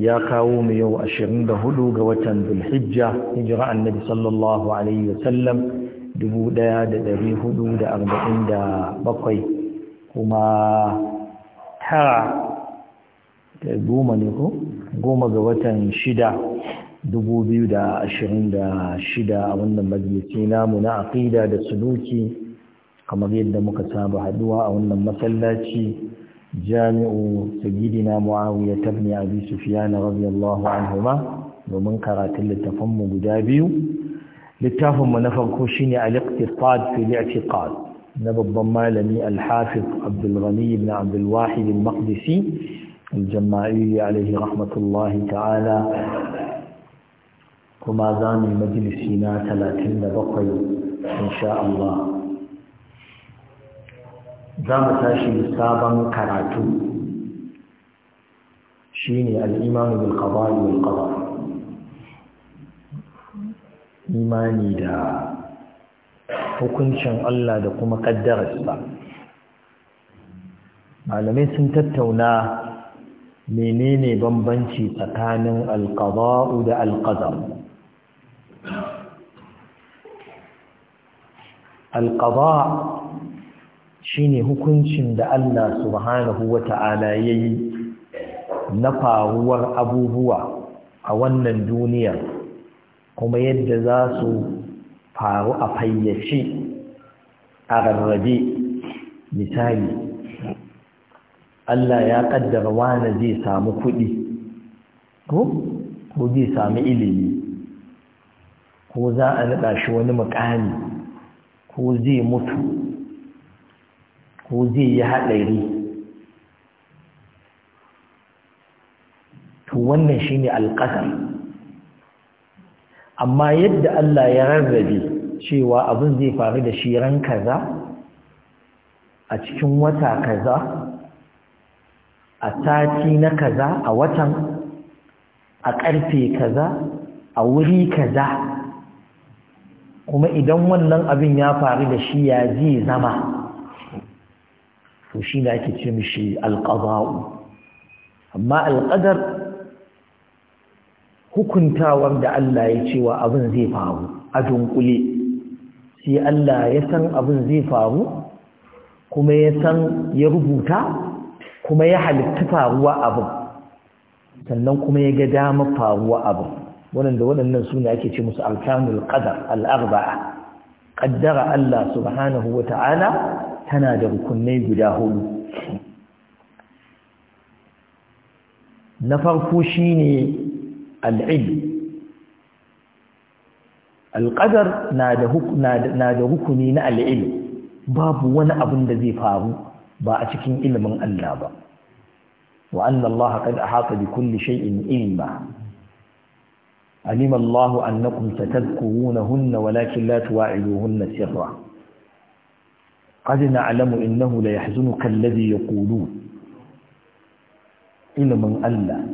ya kawo mu yau hudu ga watan Zulhijja hijira annabi sallallahu alaihi wasallam 1447 kuma tara da goma ne ko goma ga watan shida dubu biyu da da ashirin shida, a wannan majalisi namu na aqida da suluki kamar yadda muka saba haduwa a wannan masallaci جامع سيدنا معاوية بن أبي سفيان رضي الله عنهما ومن قرأت بدابيو قدابي للتفهم نفرق شيني الاقتصاد في الاعتقاد نبض مالمي الحافظ عبد الغني بن عبد الواحد المقدسي الجمائي عليه رحمة الله تعالى وما زان المجلس ثلاثين 37 إن شاء الله za mu tashi sabon karatu shi ne al'imanu bil qada'i imani da hukuncin Allah da kuma kaddararsa malamai sun tattauna menene bambanci tsakanin alqada'u da alqadar alqada' shine hukuncin da Allah subhanahu ya yi na faruwar abubuwa a wannan duniyar, kuma yadda za su faru a fayyace a rarrabe misali Allah ya ƙaddara wani zai samu kuɗi ko zai samu ilimi ko za a naɗa shi wani mukami ko zai mutu ko zai yi haɗari to wannan shine alƙasar amma yadda Allah ya rarrabe cewa abin zai faru da shi ran kaza a cikin wata kaza a sati na kaza a watan a ƙarfe kaza a wuri kaza kuma idan wannan abin ya faru da shi ya zai zama to shi ne ake ce mishi alƙaza'u amma alƙadar hukuntawar da Allah ya cewa abin zai faru a dunkule sai Allah ya san abin zai faru kuma ya san ya rubuta kuma ya halitta faruwa abin sannan kuma ya ga damar faruwa abin waɗanda waɗannan suna ake ce musu alkanul ƙadar al'arba'a qaddara Allah subhanahu wata'ala tana da rukunai guda hudu na farko shine al'ilm alƙadar na da rukuni na al'ilm babu wani abin da zai faru ba a cikin ilimin Allah ba wa anna Allah qad ahata bi kulli shay'in ilma alima Allah annakum hunna walakin la hunna sirra قد نعلم إنه ليحزنك الذي يقولون ilimin Allah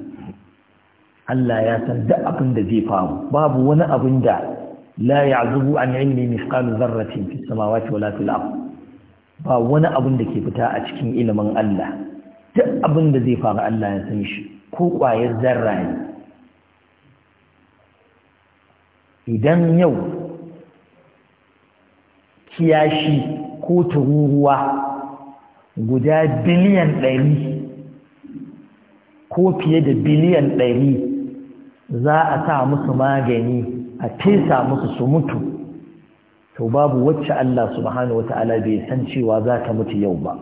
Allah ya san duk abin da zai faru babu wani abin da la ya'zubu an ilmi mithqalu dharratin fi samawati wala fil ard wani abin da ke fita a cikin ilimin Allah duk abin da zai faru Allah ya san shi ko kwayar zarra ne idan yau kiyashi ko tururuwa guda biliyan ɗari ko fiye da biliyan ɗari za a sa musu magani a fesa musu su mutu to babu wacce Allah subhanahu wata'ala bai san cewa za ta mutu yau ba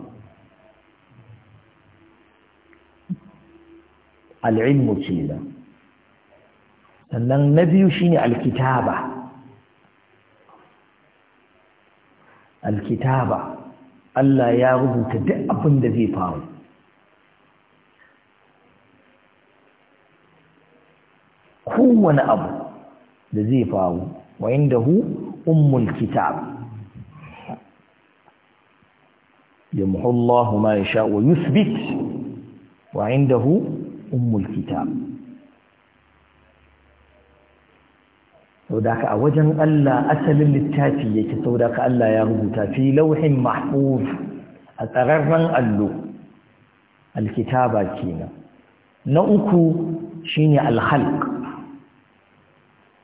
al'ilmu ce sannan na biyu shine alkitaba alkitaba Allah ya rubuta duk abin da zai faru kowane abu da zai faru wa inda hu ummul kitab yamhu Allah ma yasha wa yuthbit wa indahu ummul kitab Sauda ka a wajen Allah asalin littafi yake sauda ka Allah ya rubuta fi lauhin mahfuz a tsararren allo alkitaba kenan na uku shine alhalq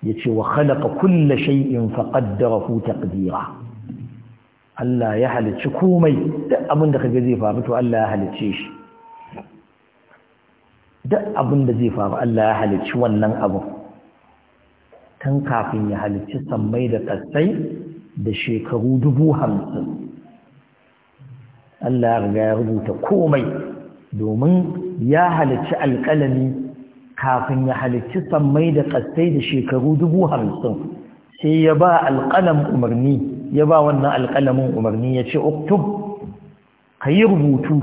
yace wa khalaqa kulla shay'in faqaddarahu taqdira Allah ya halicci komai duk abin da kaga zai faru to Allah ya halicce shi duk abin da zai faru Allah ya halicci wannan abin tun kafin ya halicci sammai da ƙasai da shekaru dubu hamsin Allah ya riga ya rubuta komai domin ya halicci alƙalami kafin ya halicci sammai da ƙasai da shekaru dubu hamsin sai ya ba alƙalam umarni ya ba wannan alƙalamin umarni ya ce oktob ka yi rubutu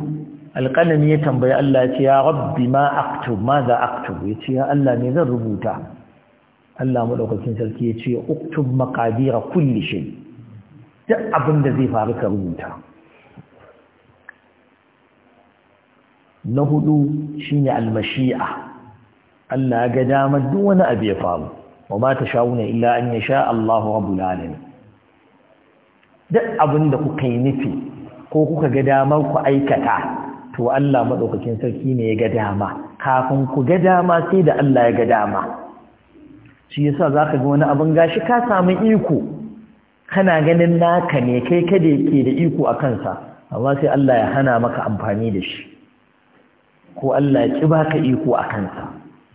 alƙalami ya tambayi Allah ya ce ya rabbi ma aktub ma za aktub ya ce ya Allah ne zan rubuta Allah maɗaukakin sarki ya ce uktub maqadira kulli shay duk abin da zai faru ka rubuta na hudu shine almashi'a Allah ga dama duk wani abu ya faru wa ma tashawuna illa an yasha Allah rabbul alamin duk abin da kuka yi nufi ko kuka ga damar ku aikata to Allah maɗaukakin sarki ne ya ga dama kafin ku ga dama sai da Allah ya ga dama shi yasa zaka ga wani abin gashi ka samu iko kana ganin naka ne kai kada yake da iko a kansa amma sai Allah ya hana maka amfani da shi ko Allah ya ki baka iko a kansa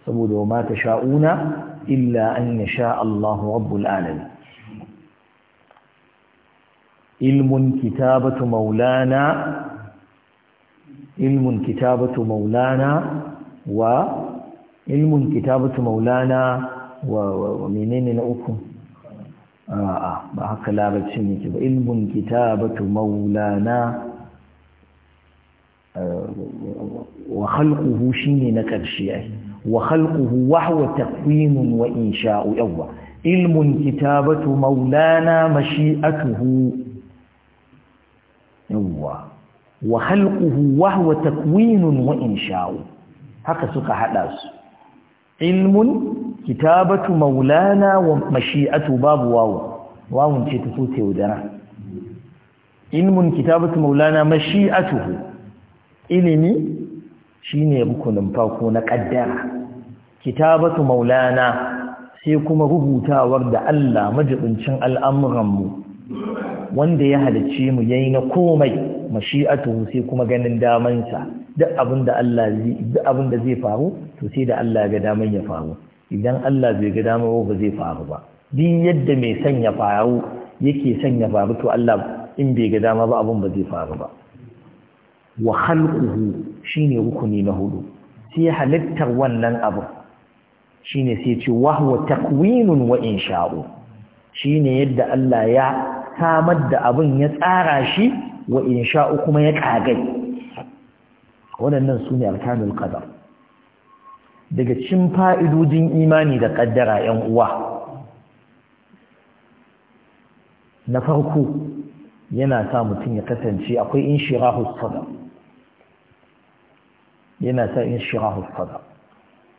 saboda ma ta sha'una illa an yasha Allah rabbul alamin ilmun kitabatu maulana ilmun kitabatu maulana wa ilmun kitabatu maulana wa menene na uku a'a ba haka larabcin yake ba ilmun kitabatu maulana eh, wa khalquhu shine na karshe ai wa khalquhu wa huwa taqwim wa insha'u yawwa ilmun kitabatu maulana mashi'atuhu yawwa wa khalquhu wa huwa taqwim wa insha'u haka suka hada su ilmun kitabatu maulana wa mashi'atu babu wawu wawun ce ta so wudara. ilmun kitabatu maulana mashi'atu ilimi shine rukunin farko na kaddara kitabatu maulana sai kuma rubutawar da Allah majibincin mu wanda ya halicce mu yayi na komai mashi'atu sai kuma ganin damansa duk abinda Allah zai duk abinda zai faru to sai da Allah ga daman ya faru idan Allah bai ga damar ba zai faru ba duk yadda mai sanya faru yake sanya faru to Allah in bai ga dama ba abun ba zai faru ba wa khalquhu shine rukuni na hudu sai halittar wannan abu shine sai ce wa huwa takwinun wa insha'u shine yadda Allah ya samar da abun ya tsara shi wa insha'u kuma ya kagai waɗannan sune arkanul qadar daga cin fa'idodin imani da ƙaddara ‘yan uwa na farko yana sa mutum ya kasance akwai in shira hussada. yana sa in shira hussada.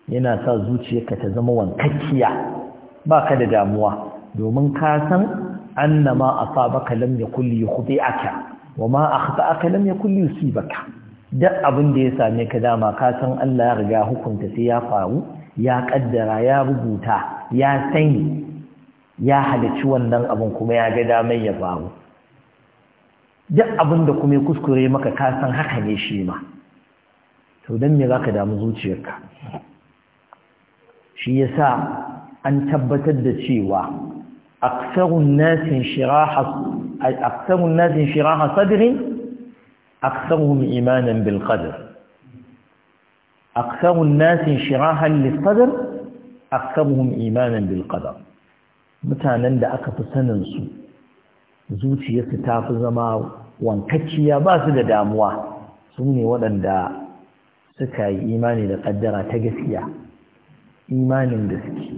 yana sa zuciyarka ta zama wankakkiya ba ka da damuwa domin ka san an a lamya asabaka ya kuɗe aka, wa ma a akhta'aka lam ba yusibaka duk abin da ya same ka dama ka san Allah ya riga hukunta sai ya faru ya kaddara ya rubuta ya sani ya halici wannan abin kuma ya ga damai ya faru duk abin da kuma ya kuskure maka ka san haka ne shi ma to dan me zaka damu zuciyarka shi yasa an tabbatar da cewa aksarun nasin shiraha sadrin أكثرهم إيمانا بالقدر أكثر الناس انشراحا للقدر أكثرهم imanin بالقدر mutanen da aka fi sanin su zuciyarsu ta fi zama wankacciya ba su da damuwa su ne waɗanda suka yi imani da ƙaddara ta gaskiya imanin da suke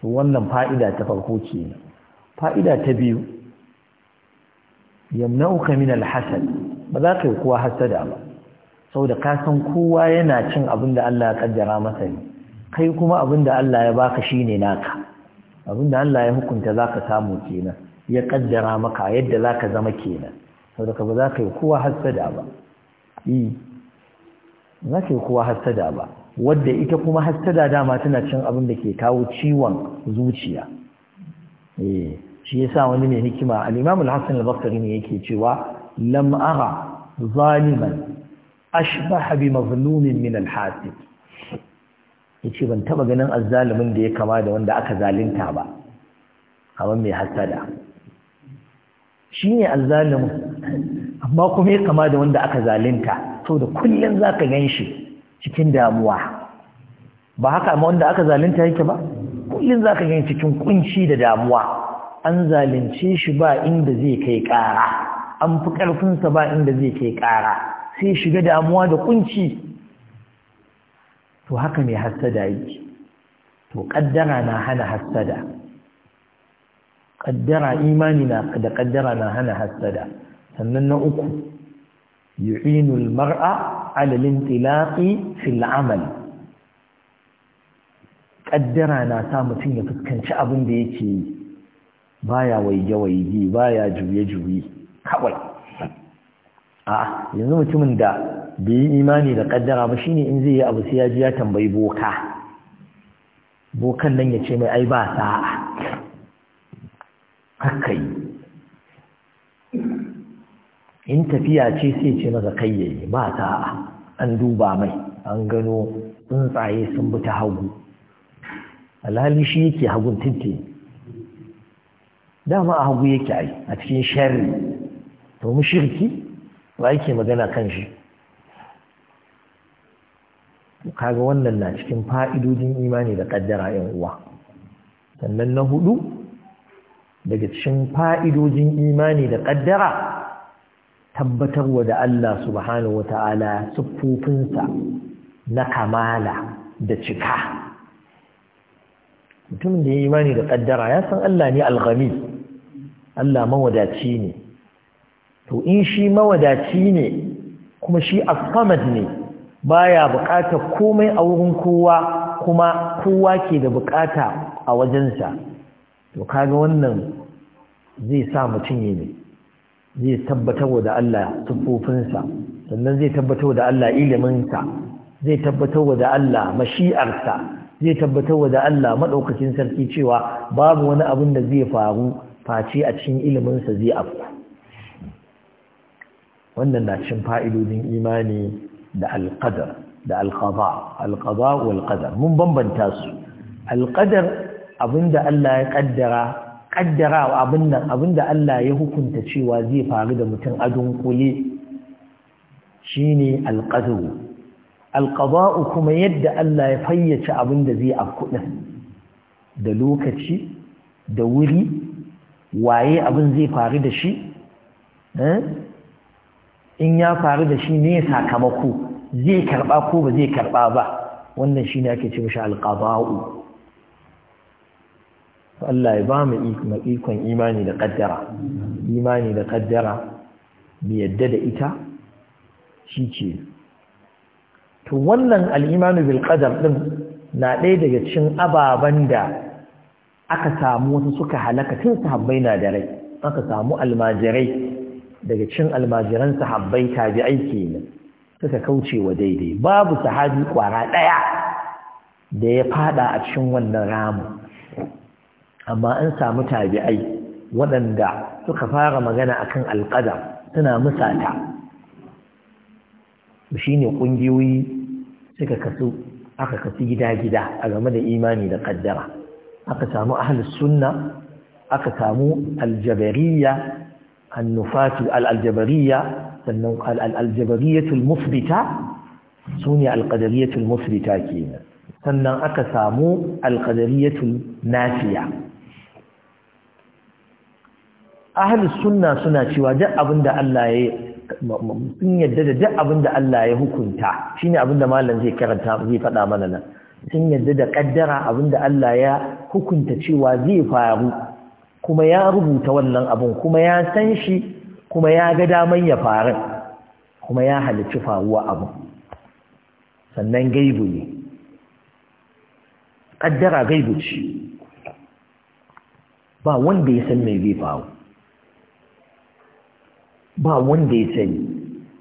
to wannan fa'ida ta farko ce fa'ida ta biyu yamna'uka min alhasad ba za ka yi kowa hasada ba saboda ka san kowa yana cin abin da Allah ya kaddara masa ne kai kuma abin da Allah ya baka shi ne naka abin da Allah ya hukunta za ka samu kenan ya kaddara maka yadda za ka zama kenan da ka ba za ka yi kowa hasada e, ba za ka yi kowa hasada ba wadda ita kuma hasada dama tana cin abin da ke kawo ciwon zuciya eh shi yasa wani ne hikima al-Imam al-Hasan al-Basri ne yake cewa lam ara zaliman ashbaha bi mazlumin min al-hasib yace ban taba ganin azzalimin da ya kama da wanda aka zalunta ba kamar mai hasada Shi ne azzalimin amma kuma ya kama da wanda aka zalunta da saboda kullun zaka ganshi cikin damuwa ba haka amma wanda aka zalunta yake ba Kullum za ka ganshi cikin kunci da damuwa an zalunce shi ba inda zai kai ƙara an fi ƙarfinsa ba inda zai kai ƙara sai shiga damuwa da kunci to haka mai hassada yake to ƙaddara na hana hassada ƙaddara imani na da ƙaddara na hana hassada sannan na uku yu'inul mar'a alalin lintilaqi fil amal ƙaddara na sa mutum ya fuskanci abin da yake yi baya waige-waige baya juye-juye kawai a yanzu mutumin da bai yi imani da kaddara ba shine in zai yi abu sai ya ji ya tambayi boka bokan nan ya ce mai ai ba sa'a haka yi in tafiya ce sai ce maza kai yayi ba sa'a an duba mai an gano tsuntsaye sun bi ta hagu alhali shi yake hagun tinti dama a hagu yake ai a cikin sharri to shirki ba yake magana kan shi kaga wannan na cikin fa'idodin imani da kaddara yan uwa sannan na hudu daga cikin fa'idodin imani da kaddara tabbatarwa da Allah subhanahu Ta'ala, siffofinsa na kamala da cika mutumin da ya imani da kaddara ya san Allah ne alghani Allah mawadaci ne to in shi mawadaci ne kuma shi as ne baya bukatar komai a wurin kowa kuma kowa ke da bukata a wajensa to kaga wannan zai sa mutum ne zai tabbatar da Allah tufofinsa sannan zai tabbatar da Allah iliminsa zai tabbatar da Allah mashi'arsa zai tabbatar da Allah maɗaukacin sarki cewa babu wani abin da zai faru face a cikin iliminsa zai afku wannan na cin fa'idodin imani da alƙadar da alƙaza alƙaza mun bambanta su alƙadar abinda Allah ya kaddara kaddarawa abin abinda Allah ya hukunta cewa zai faru da mutum a dunkule shine alqadru alqada'u kuma yadda Allah ya fayyace abinda zai afkuɗa da lokaci da wuri waye abin zai faru da shi eh? in ya faru da shi ne sakamako zai karɓa ko ba zai karɓa ba wannan shi ne ake ce mashi alƙaba'u Allah ya ba mu ikon imani da ƙaddara imani da ƙaddara mu yadda da ita shi ce to wannan al'imanu bil qadar din na ɗaya daga cikin ababen da aka samu wasu suka halaka tun sahabbai na da rai aka samu almajirai daga cin almajiran sahabbai tabi'ai kenan suka kauce wa daidai babu sahabi kwara ɗaya da ya fada a cikin wannan ramu amma an samu tabi'ai waɗanda suka fara magana akan alƙada suna musata shi ne ƙungiyoyi suka kasu aka kasu gida-gida a game da imani da ƙaddara aka samu ahlus sunna aka samu aljabariya annufatu al-aljabariya sannan al-aljabariyatul sune al-qadariyatul kenan sannan aka samu al nafiya ahlus sunna suna cewa duk abinda Allah ya sun yadda da duk abinda Allah ya hukunta shine abinda malam zai karanta faɗa mana nan sun yadda da ƙaddara abinda Allah ya hukunta cewa zai faru kuma ya rubuta wannan abun kuma ya san shi kuma ya ga daman ya faru kuma ya halici faruwa abin. sannan gaibu ne ƙaddara gaibu ce ba wanda ya san mai zai faru ba wanda ya sani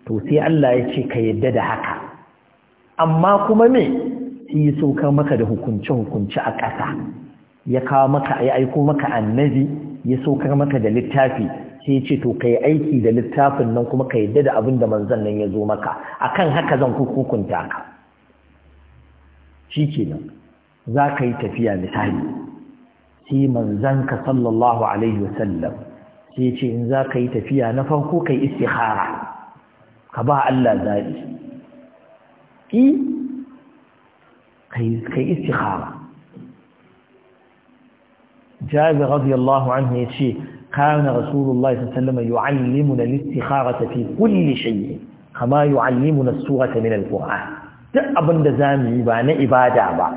to sai Allah ya ce ka yadda da haka amma kuma me sai ya saukar maka da hukunci hukunci a ƙasa ya kawo maka ya aiko maka annabi ya saukar maka da littafi sai ce to kai aiki da littafin nan kuma ka yadda da abin da manzon nan ya zo maka akan haka zan hukunta ka shikenan za ka yi tafiya misali sai manzon sallallahu alaihi wasallam sai ce in za ka yi tafiya na farko kai istikhara ka ba Allah zaɓi kai istikhara jabir radiyallahu anhu ya ce kana rasulullahi sallallahu alaihi wasallam yu'allimuna al-istikharata fi kulli shay kama yu'allimuna as-surata min al-qur'an duk abinda zamu yi ba na ibada ba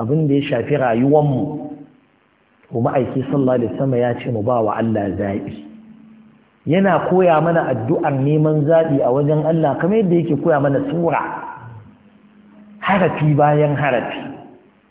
abinda ya shafi rayuwar mu kuma aiki sallallahu alaihi wasallam ya ce mu bawa Allah zabi yana koya mana addu'ar neman zaɓi a wajen Allah kamar yadda yake koya mana sura harafi bayan harafi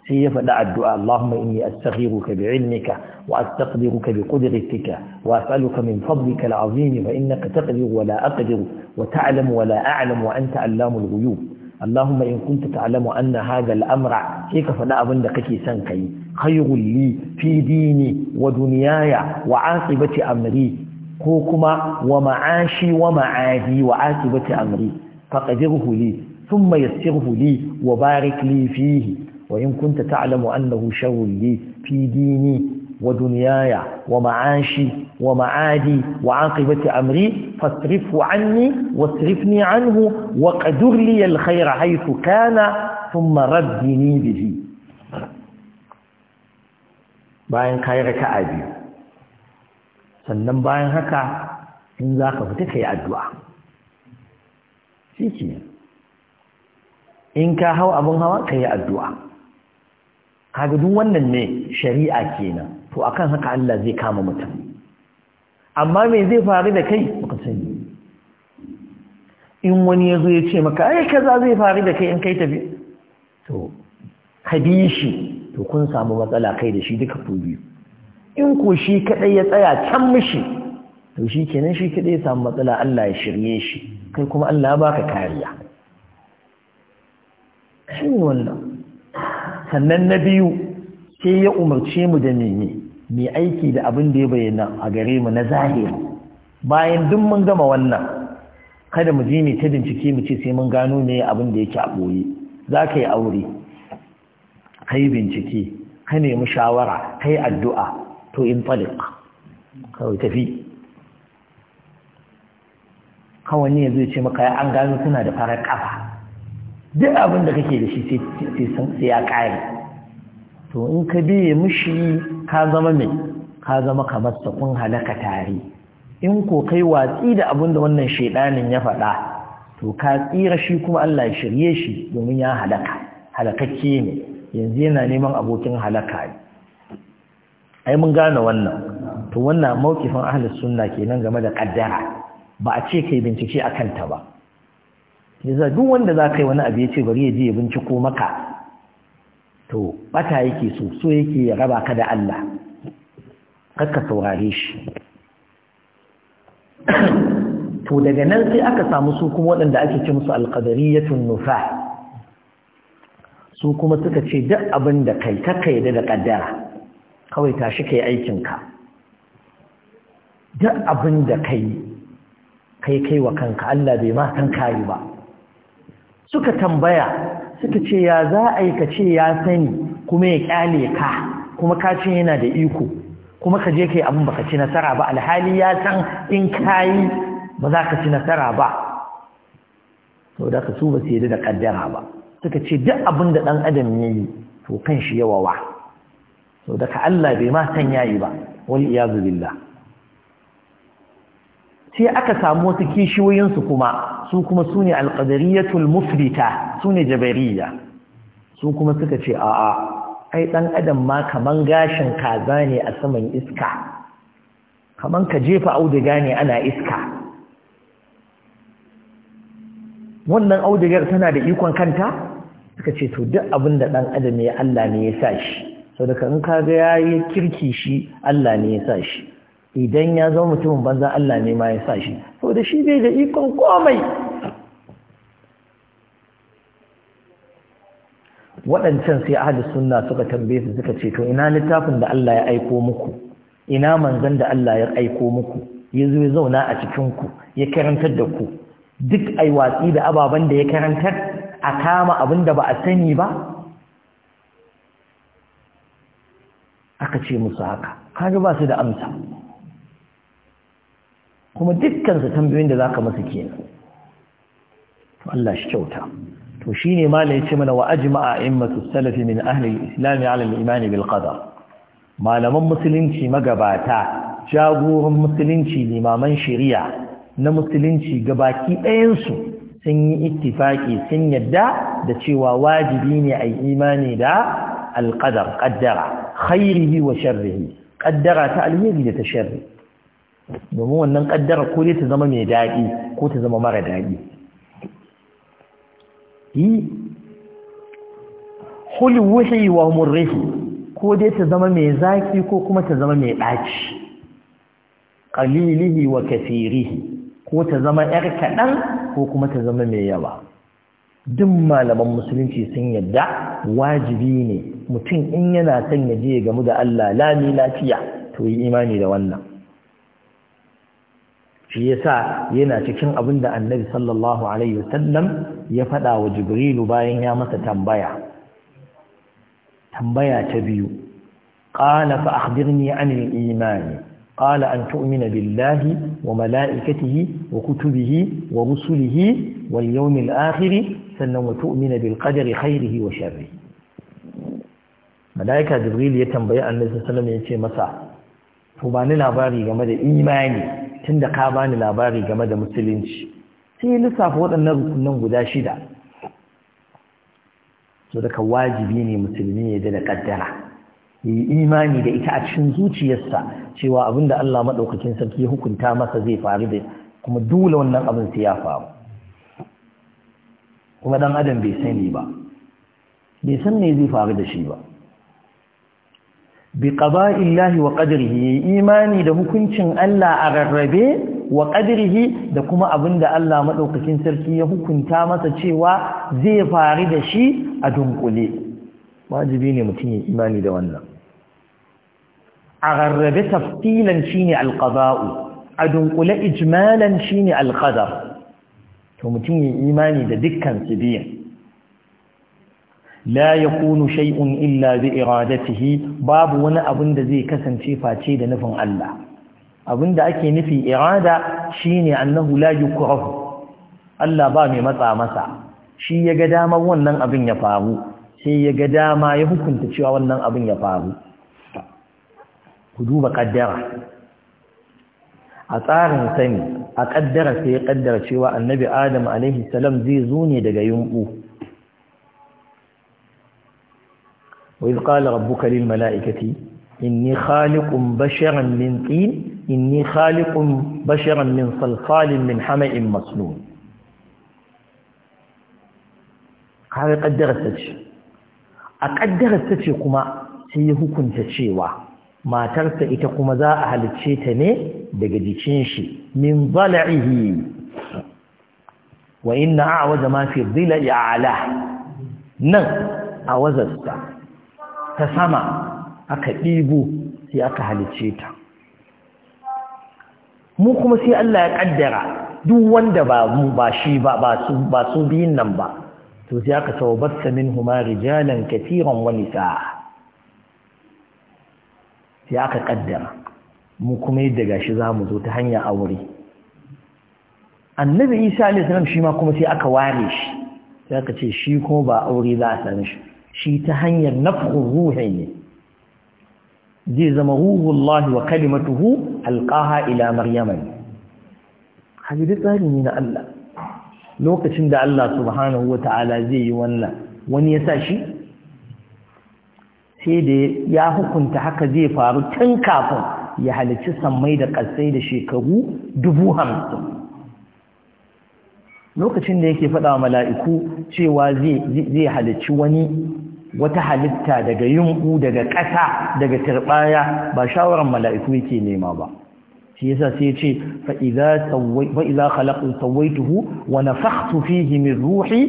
sai ya faɗi addu'a Allahumma inni astaghiruka bi ilmika wa astaqdiruka bi qudratika wa as'aluka min fadlika al'azim fa innaka taqdiru wa la aqdiru wa ta'lamu wa la a'lamu wa anta allamul ghuyub Allahumma in kunta ta'lamu anna hadha amra sai ka faɗi abin da kake son kai khayrul li fi dini wa dunyaya wa aqibati amri ko kuma wa ma'ashi wa ma'adi wa aqibati amri faqdirhu li thumma yassirhu li wa barik li fihi وإن كنت تعلم أنه شر لي في ديني ودنياي ومعاشي ومعادي وعاقبة أمري فاصرفه عني واصرفني عنه وقدر لي الخير حيث كان ثم ردني به bayan kayi raka'a biyu sannan bayan haka in za ka fita ka yi addu'a shi ke in ka hau abin hawa ka yi addu'a kaga duk wannan ne shari'a kenan to akan haka Allah zai kama mutum amma me zai faru da kai baka sani in wani ya zo ya ce maka ai kaza zai faru da kai in kai tafi to ka bi shi to kun samu matsala kai da shi duka ku biyu in ko shi kadai ya tsaya can mishi to shi kenan shi kadai ya samu matsala Allah ya shirye shi kai kuma Allah ya baka kariya shin wannan sannan na biyu sai ya umarce mu da mene mai aiki da abin da ya bayyana a gare mu na zahiri bayan duk mun gama wannan kada mu je mu ta bincike mu ce sai mun gano ne abin da yake a boye za ka yi aure ka bincike ka nemi shawara ka addu'a to in falik kawai tafi kawai ne zai ce maka an gano suna da farar kafa duk abin da kake da shi sai ya kare. to in ka biye mushi ka zama mai ka zama kamar sa kun halaka tare in ko kai watsi da abin da wannan shaidanin ya faɗa to ka tsira shi kuma Allah ya shirye shi domin ya halaka halakakke ne yanzu yana neman abokin halaka ne ai mun gane wannan to wannan mawkifin ahlus sunna kenan game da kaddara ba a ce kai bincike akan ta ba yasa duk wanda za ka yi wani abu ya ce bari ya je ya binciko maka to bata yake so so yake ya raba ka da Allah kakka saurare shi to daga nan sai aka samu su kuma waɗanda ake ce musu alƙadariyatun nufa su kuma suka ce duk abin da kai kakka yadda da ƙaddara kawai tashi ka yi aikinka duk abin da kai kai kai wa kanka Allah bai ma kan kayi ba suka tambaya suka ce ya za a yi ka ce ya sani kuma ya kyale ka kuma ka ce yana da iko kuma ka je ka yi abin baka ci nasara ba alhali ya san in ka yi ba za ka ci nasara ba sau da ka su ba su yi da kaddara ba suka ce duk abin da ɗan adam ya yi to kan shi yawawa sau da ka Allah bai ma san yayi ba wal iyazu billah sai aka samu wasu kishiyoyinsu kuma su kuma su ne alƙadariyatul mufrita su ne jabariya su kuma suka ce a'a ai ɗan adam ma kaman gashin kaza ne a saman iska kaman ka jefa auduga ne ana iska wannan audugar tana da ikon kanta suka ce to duk abin da ɗan adam ya Allah ne ya sa shi sau da ka kaga ya yi kirki shi Allah ne ya sa shi idan ya zama mutumin banza Allah ne ma ya sa shi to da shi bai da ikon komai waɗancan sai ahli sunna suka tambaye su suka ce to ina littafin da Allah ya aiko muku ina manzon da Allah ya aiko muku ya zo ya zauna a cikin ku ya karantar da ku duk ai watsi da ababen da ya karantar a kama abin da ba a sani ba aka ce musu haka kaga ba su da amsa kuma dukkan su tambayoyin da zaka masa kenan to Allah shi kyauta to shine malai mana wa ajma'a immatu salafi min ahli islami islam imani al qadar malaman musulunci magabata jagoran musulunci limaman shari'a na musulunci gabaki ɗayan su sun yi ittifaƙi sun yadda da cewa wajibi ne a imani da alƙadar ƙaddara khairihi wa sharrihi ƙaddara ta alheri da ta sharri domin wannan kaddara ko dai ta zama mai daɗi ko ta zama mara daɗi yi hulwuhi wa murrihi ko dai ta zama mai zaki ko kuma ta zama mai ɗaci ƙalilihi wa kathirihi ko ta zama yar kaɗan ko kuma ta zama mai yawa duk malaman musulunci sun yadda wajibi ne mutum in yana son ya je gamu da Allah lami lafiya to yi imani da wannan shi yasa yana cikin abin da annabi sallallahu alaihi wasallam ya faɗa wa jibrilu bayan ya masa tambaya tambaya ta biyu qala fa akhbirni anil iman qala an tu'mina billahi wa mala'ikatihi wa kutubihi wa rusulihi wal yawmil akhir sannan wa tu'mina bil qadari khairihi wa sharri malaika jibril ya tambayi annabi sallallahu alaihi wasallam ya ce masa to ba ni labari game da imani tun da ka bani labari game da musulunci sai ya lissafa waɗannan rukunan guda shida so daga wajibi ne musulmi ya da kaddara yi imani da ita a cikin zuciyarsa cewa da Allah maɗaukakin sarki ya hukunta masa zai faru da kuma dole wannan abin sai ya faru kuma dan adam bai sani ba bai san me zai faru da shi ba bi qada'illahi wa yi imani da hukuncin Allah a rarrabe wa ƙadirhi da kuma abinda Allah maɗaukakin sarki ya hukunta masa cewa zai faru da shi a dunkule wajibi ne mutum ya imani da wannan a rarrabe taftilan shine alqada'u a dunkule ijmalan shine alqadar to mutum ya imani da dukkan su biyan la yakunu shay'un illa bi iradatihi babu wani abun da zai kasance face da nufin Allah abin da ake nufi irada shine annahu la yukrahu Allah ba mai matsa masa shi ya ga damar wannan abin ya faru sai ya ga dama ya hukunta cewa wannan abin ya faru ku duba kaddara a tsarin sani a kaddara sai ya kaddara cewa annabi Adamu alaihi salam zai zo ne daga yunɓu وإذ قال ربك للملائكة إني خالق بشرا من طين إني خالق بشرا من صلصال من حمأ مسنون هذا قدر السجن أقدر السجن كما سيهكم تشيوا ما ترسى إتكم ذا أهل الشيطاني بقديشينشي من ضلعه وإن أعوز ما في الضلع أعلاه نن أعوز السجن ta sama aka ɗibo sai aka halice ta mu kuma sai Allah ya ƙaddara duk wanda ba mu ba shi ba ba su biyun nan ba to sai aka sau batta min huma rijalan katiran wani sa'a sai aka ƙaddara mu kuma yadda gashi za mu zo ta hanya aure annabi isa alaihi salam shi ma kuma sai aka ware shi sai aka ce shi kuma ba aure za a san shi shi ta hanyar nafhur ruhi ne zai zama ruhullahi wa kalimatuhu alqaha ila maryama hadisi tsari ne na Allah lokacin da Allah subhanahu ta'ala zai yi wannan wani ya sa shi sai da ya hukunta haka zai faru tun kafin ya halici sammai da ƙasai da shekaru dubu hamsin lokacin da yake faɗa mala'iku cewa zai halici wani wata halitta daga yunku daga ƙasa daga turbaya ba shawaran mala'iku yake nema ba shi yasa sai ce fa idza sawai fa idza khalaqtu sawaituhu wa nafakhtu fihi min ruhi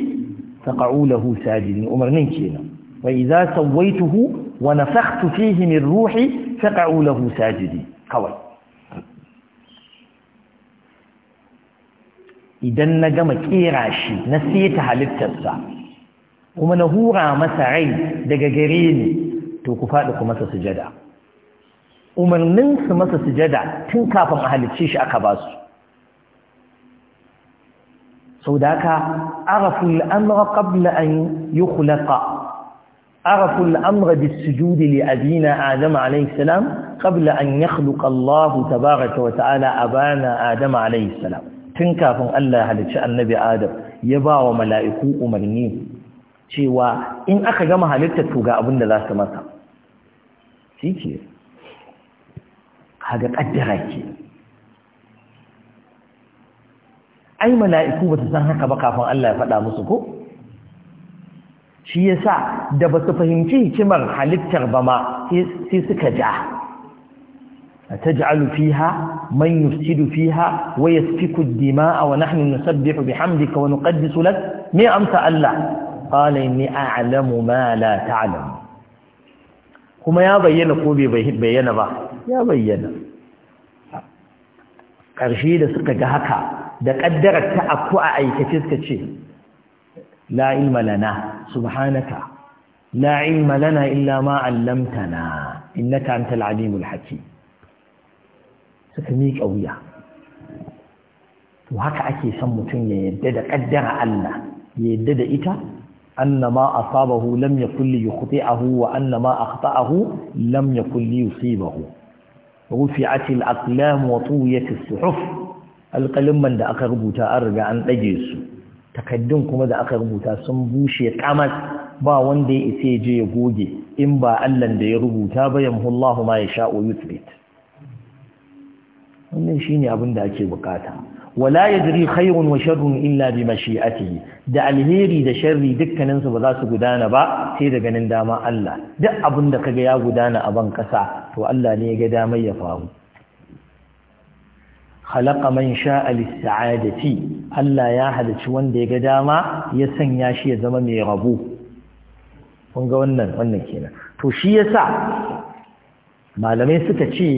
faqa'u lahu sajidin umarnin kenan wa idza sawaituhu wa nafakhtu fihi min ruhi faqa'u lahu sajidin kawai idan na gama kera shi na ta halittarsa kuma na hura masa rai daga gare ni to ku faɗi ku masa sujada umarnin su masa sujada tun kafin a halicci shi aka ba su sau da aka arafu al'amura ƙabla an yi kulaka arafu al'amura bi sujudi li adina adam alaihissalam ƙabla an ya khluka Allah tabaraka wa ta'ala a bana adam alaihissalam tun kafin Allah ya halicci annabi adam ya ba wa mala'iku umarni cewa in aka gama halittar tuga abin da za su masa shi ke haga ƙaddara ke ai mala'iku ba su san haka ba kafin Allah ya faɗa musu ko shi ya sa da ba fahimci hikimar halittar ba ma sai suka ja a ta ji'alu fiha, ha man yi waya su fi kuddi ma'a wa nahanin nusabbi ku bi hamdi ka wani ƙaddi sulat amsa Allah qala inni a'lamu ma la ta'lamu kuma ya bayyana ko bai bayyana ba ya bayyana ƙarshe da suka ga haka da ƙaddarar ta afku a aikace suka ce la ilma lana subhanaka la ilma lana illa ma 'allamtana innaka antal alimul hakim suka miƙa wuya to haka ake son mutum ya yarda da ƙaddara Allah ya yarda da ita anna ma asabahu lam yakul li yukhti'ahu wa anna ma akhta'ahu lam yakul li yusibahu rufi'at al-aqlam wa tuwiyat as-suhuf alqalimman da aka rubuta an riga an dage su takardun kuma da aka rubuta sun bushe kamar ba wanda ya ita je ya goge in ba Allah da ya rubuta ba yamhullahu ma ya yasha'u yuthbit wannan shine abin da ake buƙata. wala yadri khairun wa sharrun illa bi mashi'atihi da alheri da sharri dukkaninsa ba za su gudana ba sai da ganin dama Allah duk abin da kaga ya gudana a ban kasa to Allah ne ya ga damar ya faru khalaqa man sha'a lis-sa'adati Allah ya halicci wanda ya ga dama ya sanya shi ya zama mai rabo kun ga wannan wannan kenan to shi yasa malamai suka ce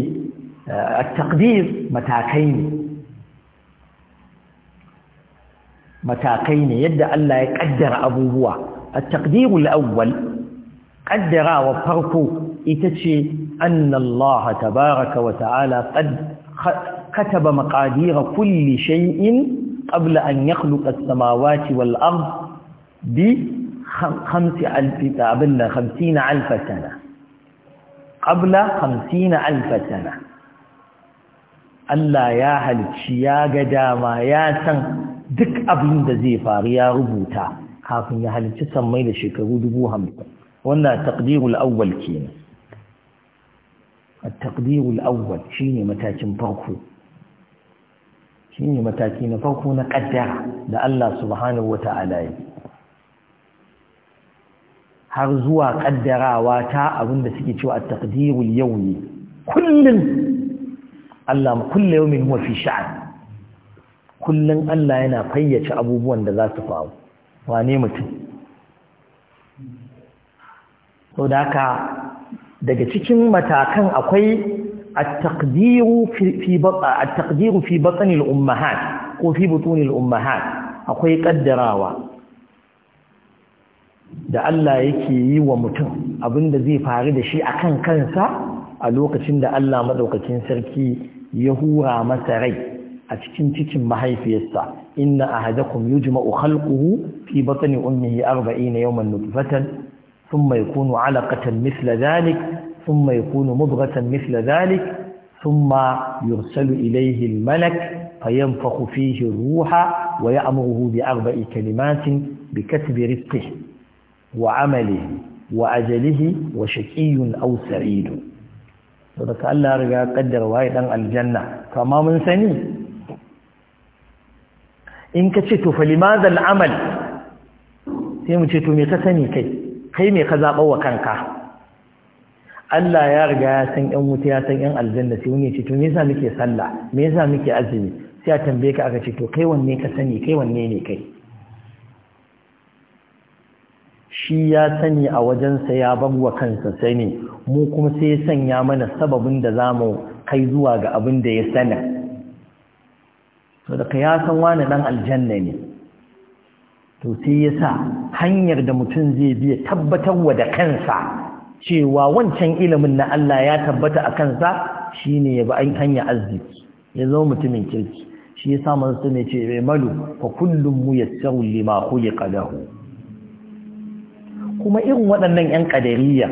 at-taqdir matakai ne matakai ne yadda Allah ya kaddara abubuwa at-taqdirul awwal kaddarawa farko ita ce anna Allah tabaaraka wa ta'ala qad kataba maqadir kulli shay'in qabla an yakhluqa as-samawati wal ard bi 50000 qabla 50000 sana qabla 50000 sana Allah ya halicci ya ga dama ya san duk abin da zai faru ya rubuta kafin ya halicci sammai da shekaru dubu hamsin wannan taqdirul awwal kenan at-taqdirul awwal shine matakin farko shine mataki na farko na kaddara da Allah subhanahu wata'ala ya har zuwa ƙaddarawa ta abinda suke cewa at yau ne kullum Allah kullu yawmin huwa fi sha'an kullum Allah yana fayyace abubuwan da za su faru wane mutum so da haka daga cikin matakan akwai a takdiru fi batni al-ummahat ko fi butuni al-ummahat akwai kaddarawa da Allah yake yi wa mutum abinda zai faru da shi akan kansa a lokacin da Allah madaukakin sarki ya hura masa rai a cikin cikin mahaifiyarsa inna ahadakum yujma'u khalquhu fi batni ummihi 40 yawman nutfatan kunu yakunu 'alaqatan mithla dhalik thumma yakunu mudghatan mithla dhalik thumma yursalu ilayhi al-malak fayanfakhu fihi ruha wa ya'muruhu bi 40 kalimatin bi katbi wa 'amalihi wa ajalihi wa shaqiyyun aw sa'id saboda Allah riga kaddara wai dan aljanna kuma mun sani in ka ce to falimaza amal sai mu ce to me ka sani kai kai me ka zaɓa wa kanka Allah ya riga ya san ‘yan wuta ya san ‘yan aljanna sai wani ce to me yasa muke sallah me yasa muke azumi sai a tambaye ka aka ce to kai wanne ka sani kai wanne ne kai shi ya sani a wajensa ya bagwa kansa sani mu kuma sai ya sanya mana sababin da zamu kai zuwa ga abin da ya sana to da ya san wani dan aljanna ne to sai ya sa hanyar da mutum zai biya tabbatar wa da kansa cewa wancan ilimin na Allah ya tabbata a kansa shine ya bi hanyar arziki ya zama mutumin kirki shi ya sa masu ne ce bai malu fa kullum mu yassaru lima khuliqa lahu kuma irin waɗannan 'yan kadariya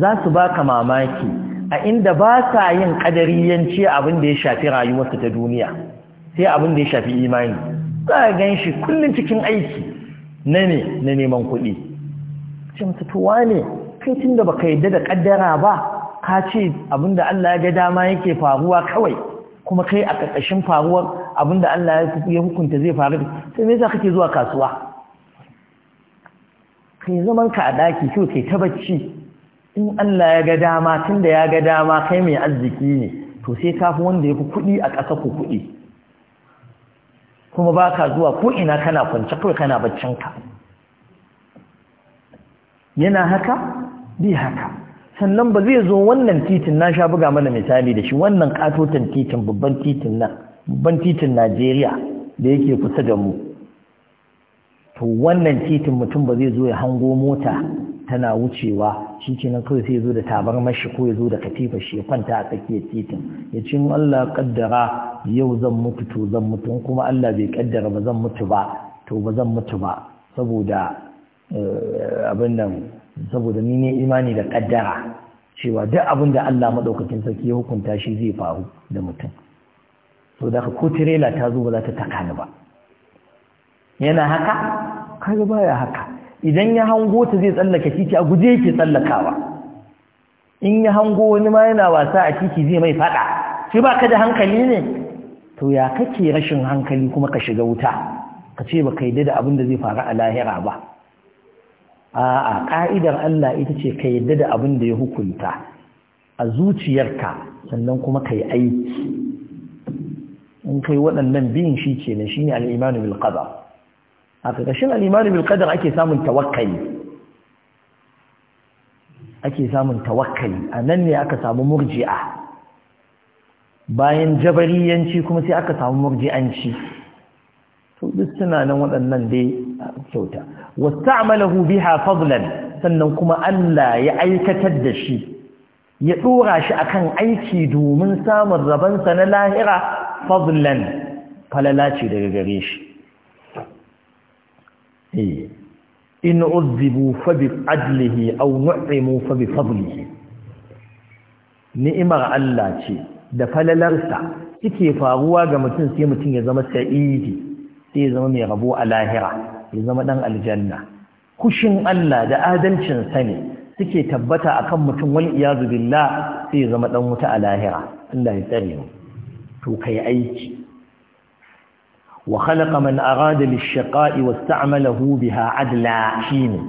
za su baka mamaki a inda ba sa yin kadariyanci abin da ya shafi rayuwarsa ta duniya sai abin da ya shafi imani za a gan shi kullum cikin aiki na ne na neman kuɗi ce ne kai tun da baka yadda da kaddara ba ka ce abin da Allah ya ga dama yake faruwa kawai kuma kai a ƙarƙashin faruwar abin da Allah ya hukunta zai faru sai me yasa kake zuwa kasuwa kai zaman ka a daki, kyau kai ta bacci in Allah ya ga dama tun da ya ga dama kai mai arziki ne to sai kafi wanda ya fi kuɗi a ƙasa ku kuɗi kuma ba ka zuwa ko ina kana kwanci kawai kana baccinka yana haka bi haka sannan ba zai zo wannan titin na sha buga mana misali da shi wannan katotan titin babban titin na babban titin Najeriya da yake kusa da mu to wannan titin mutum ba zai zo ya hango mota tana wucewa shi ke nan kawai sai zo da tabar mashi ko ya zo da katifa shi kwanta a tsakiyar titin ya ce Allah kaddara yau zan mutu to zan mutu kuma Allah bai kaddara ba zan mutu ba to ba zan mutu ba saboda eh, abin nan saboda ni ne imani da kaddara cewa duk abin da Allah maɗaukakin sarki ya hukunta shi zai faru da mutum to da ko tirela ta zo ba za ta taka ni ba yana haka kaga baya haka idan ya hango ta zai tsallaka titi a guje yake tsallakawa in ya hango wani ma yana wasa a titi zai mai fada shi ba ka da hankali ne to ya kake rashin hankali kuma ka shiga wuta ka ce ba ka yi da abin da zai faru a lahira ba a'a ƙa'idar Allah ita ce ka yi da abin da ya hukunta a zuciyarka sannan kuma ka yi aiki in kai waɗannan biyun shi ke nan shi ne al'imanu bil qadar a ƙarƙashin al'imani bil qadar ake samun tawakkali ake samun tawakkali a nan ne aka samu murji'a bayan jabariyanci kuma sai aka samu murji'anci to duk suna nan waɗannan dai kyauta wasta'malahu biha fadlan sannan kuma Allah ya aikatar da shi ya ɗora shi akan aiki domin samun rabansa na lahira fadlan falala ce daga gare shi in uzibu fa bi adlihi aw nu'imu fa bi fadlihi ni'imar Allah ce da falalarsa suke faruwa ga mutum sai mutum ya zama sa'idi sai ya zama mai rabo a lahira ya zama dan aljanna kushin Allah da adalcin sa ne suke tabbata akan mutum wal iyazu billah sai ya zama dan wuta a lahira Allah ya tsare mu to kai aiki وخلق من أراد للشقاء واستعمله بها عدلا شين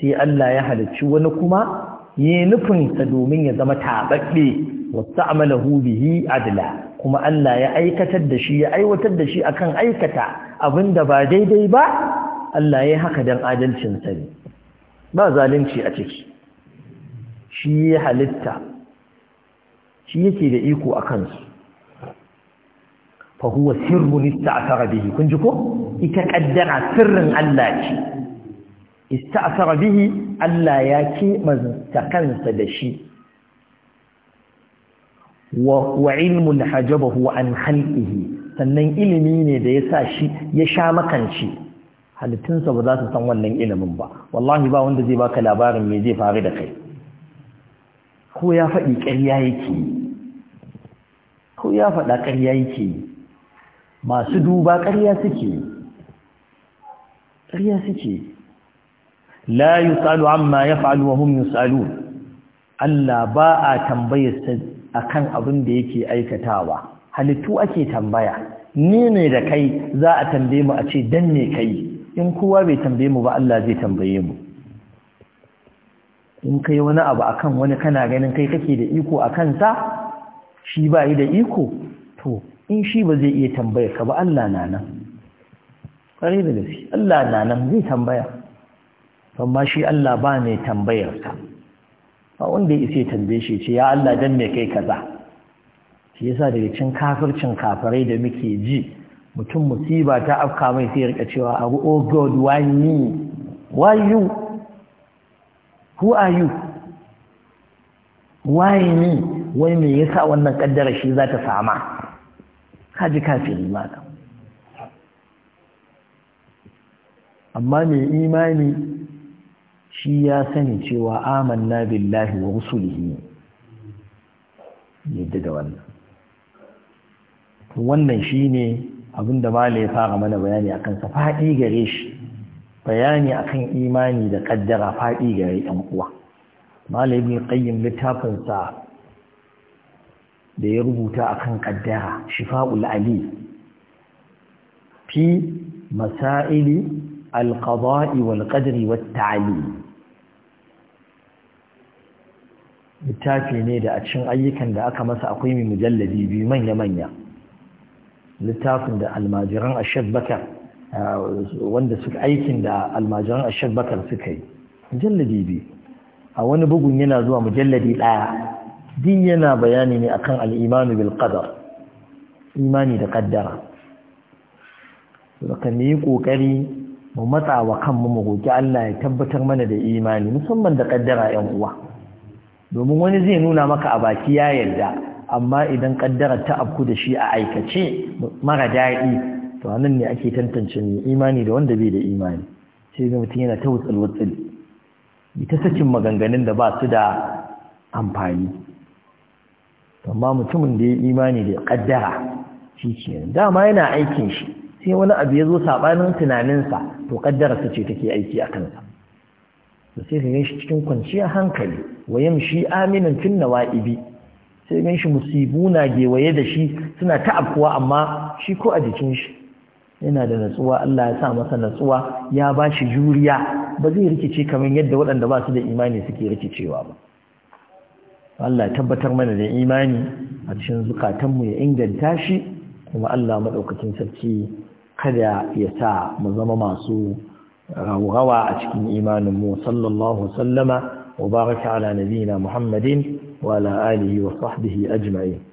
سي ألا يهلت شو نكما ينفن سدومين يزمتها بكلي واستعمله به عدلا كما ألا يأيك تدشي أي وتدشي أكن أيكتا أبن دبا دي دي با ألا يهك دن عدل شنسل ما ظالم شي أتك شي حلتا شي يكي لإيكو أكنسو fa huwa sirrun ista'thara bihi kun ji ko ita kaddara sirrin Allah ce ista'thara bihi Allah ya ce kansa da shi wa wa ilmun hajabahu an khalqihi sannan ilimi ne da ya sa shi ya sha makanci halittunsa ba za su san wannan ilimin ba wallahi ba wanda zai baka labarin me zai faru da kai ko ya faɗi ƙarya ko ya faɗa ƙarya yake masu duba ƙarya suke ƙarya suke la yusalu amma fa’alu wa hum yusalun Allah ba a tambayar a kan abin da yake aikatawa halittu ake tambaya ni ne da kai za a tambaye mu a ce dan ne kai in kowa bai tambaye mu ba Allah zai tambaye mu in kai wani abu akan wani kana ganin kai kake da iko a kansa? shi ba yi da iko to in shi ba zai iya tambaya ka ba Allah na nan ƙwarai da gaske Allah na nan zai tambaya amma shi Allah ba mai ka, ba wanda ya isa tambaye shi ce ya Allah dan me kai kaza shi yasa daga cin kafircin kafirai da muke ji mutum musiba ta afka mai sai rika cewa oh god why me why you who are you why me wai me yasa wannan kaddara shi za ta sama ka ji kafiri amma mai imani shi ya sani cewa amanna billahi wa rusulihi ne daga wannan wannan shi ne abinda malai ya fara mana bayani a kansa fadi gare shi bayani a kan imani da ƙaddara faɗi gare ɗan’uwa uwa malai bin ƙayyin littafinsa. da ya rubuta akan kaddara shifa'ul ali fi masaili alqada'i wal qadri wat littafi ne da a cikin ayyukan da aka masa akwai mai mujalladi biyu manya-manya littafin da almajiran ashad bakar wanda suka aikin da almajiran ashad bakar suka yi mujalladi biyu a wani bugun yana zuwa mujalladi ɗaya din yana bayani ne akan al'imanu bil qadar imani da kaddara saka ne kokari mu matsa wa kanmu mu Allah ya tabbatar mana da imani musamman da kaddara yan uwa domin wani zai nuna maka a baki ya yarda amma idan kaddara ta afku da shi a aikace mara daɗi to anan ne ake tantance mai imani da wanda bai da imani sai ga mutum yana ta wutsul wutsul ita sakin maganganun da ba su da amfani amma mutumin da ya yi imani da kaddara shi ce dama yana aikin shi sai wani abu ya zo saɓanin tunaninsa to kaddara su ce take aiki a kansa da sai ka shi cikin kwanciyar hankali wa shi aminin tun waibi sai shi musibu na gewaye da shi suna ta afkuwa amma shi ko a jikin shi yana da natsuwa Allah ya sa masa natsuwa ya ba shi juriya ba zai rikice kamar yadda waɗanda ba su da imani suke rikicewa ba Allah tabbatar mana da imani a cikin zukatanmu ya inganta shi kuma Allah maɗaukakin sarki kada ya sa mu zama masu rawrawa a cikin imaninmu sallallahu sallama wa baraka ala nabiyina muhammadin wa ala alihi wa sahbihi ajma'in